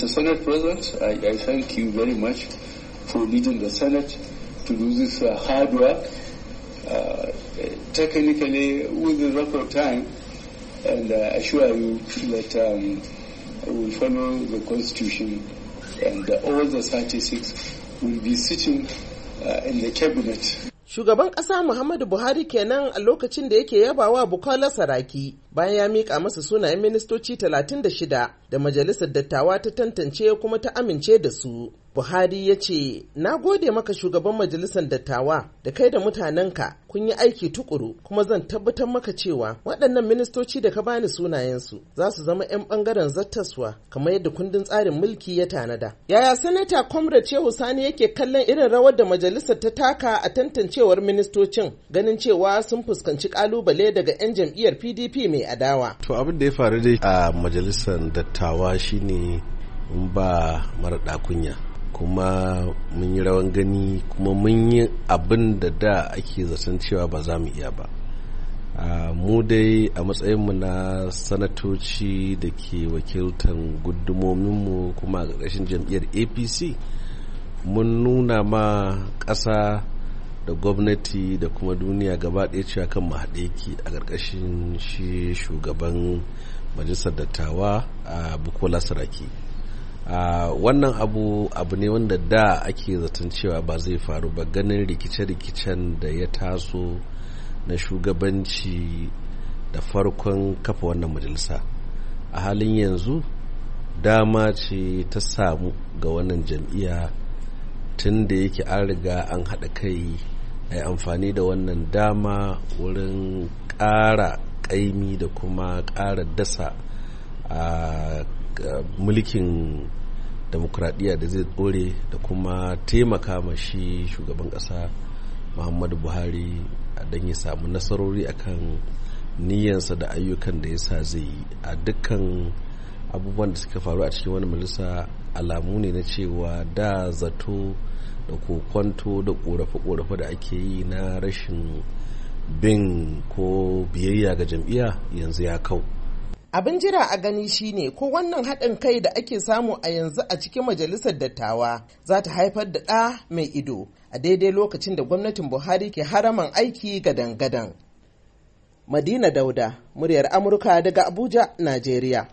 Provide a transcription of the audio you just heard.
Mr. Senate President, I, I, thank you very much for leading the Senate to do this uh, hard work, uh, technically with the record time, and uh, I assure you that um, we will follow the Constitution and all the 36 will be sitting uh, in the Cabinet. Shugaban ƙasa Muhammadu Buhari kenan a lokacin da yake yabawa Bukola Saraki bayan ya miƙa masa sunayen ministoci 36 da majalisar dattawa ta tantance kuma ta amince da su. Buhari ya ce, Na gode maka shugaban majalisar dattawa da kai da mutanenka kun yi aiki tukuru kuma zan tabbatar maka cewa waɗannan ministoci da ka bani sunayensu za su zama 'yan ɓangaren zattaswa kamar yadda kundin tsarin mulki ya tanada. Yaya Sanata Comrade Shehu Sani yake kallon irin rawar da majalisar ta taka a tantancewar ministocin ganin cewa sun fuskanci kalubale daga 'yan jam'iyyar PDP mai adawa. To abin da ya faru da a majalisar dattawa shine in ba mara kunya. kuma mun yi rawan gani kuma mun yi abin da da ake zaton cewa ba za mu iya ba mu dai a matsayinmu na sanatoci da ke wakiltar gudumominmu kuma a ƙarƙashin jam'iyyar apc mun nuna ma ƙasa da gwamnati da kuma duniya gaba ɗaya cewa kan mu haɗe ki a ƙarƙashin shi shugaban majalisar dattawa a bukola saraki wannan abu abu ne wanda da ake zaton cewa ba zai faru ba ganin rikice-rikicen da ya taso na shugabanci da farkon kafa wannan majalisa a halin yanzu dama ce ta samu ga wannan jam'iyya tun da yake an riga an haɗa kai a yi amfani da wannan dama wurin ƙara ƙaimi da kuma ƙara dasa a mulkin demokuraɗiyya da zai ɗore da kuma taimaka ma shi shugaban ƙasa muhammadu buhari don ya samu nasarori akan niyyansa da ayyukan da ya sa zai yi a dukkan abubuwan da suka faru a cikin wani majalisa alamu ne na cewa da zato da kokonto da korafe-korafe da ake yi na rashin bin ko biyayya ga jam'iyya yanzu ya kau Abin jira a gani shine ko wannan haɗin kai da ake samu a yanzu a cikin majalisar dattawa za ta haifar da ɗa mai ido a daidai lokacin da gwamnatin Buhari ke haraman aiki gadan-gadan. Madina Dauda, muryar Amurka daga Abuja, Najeriya.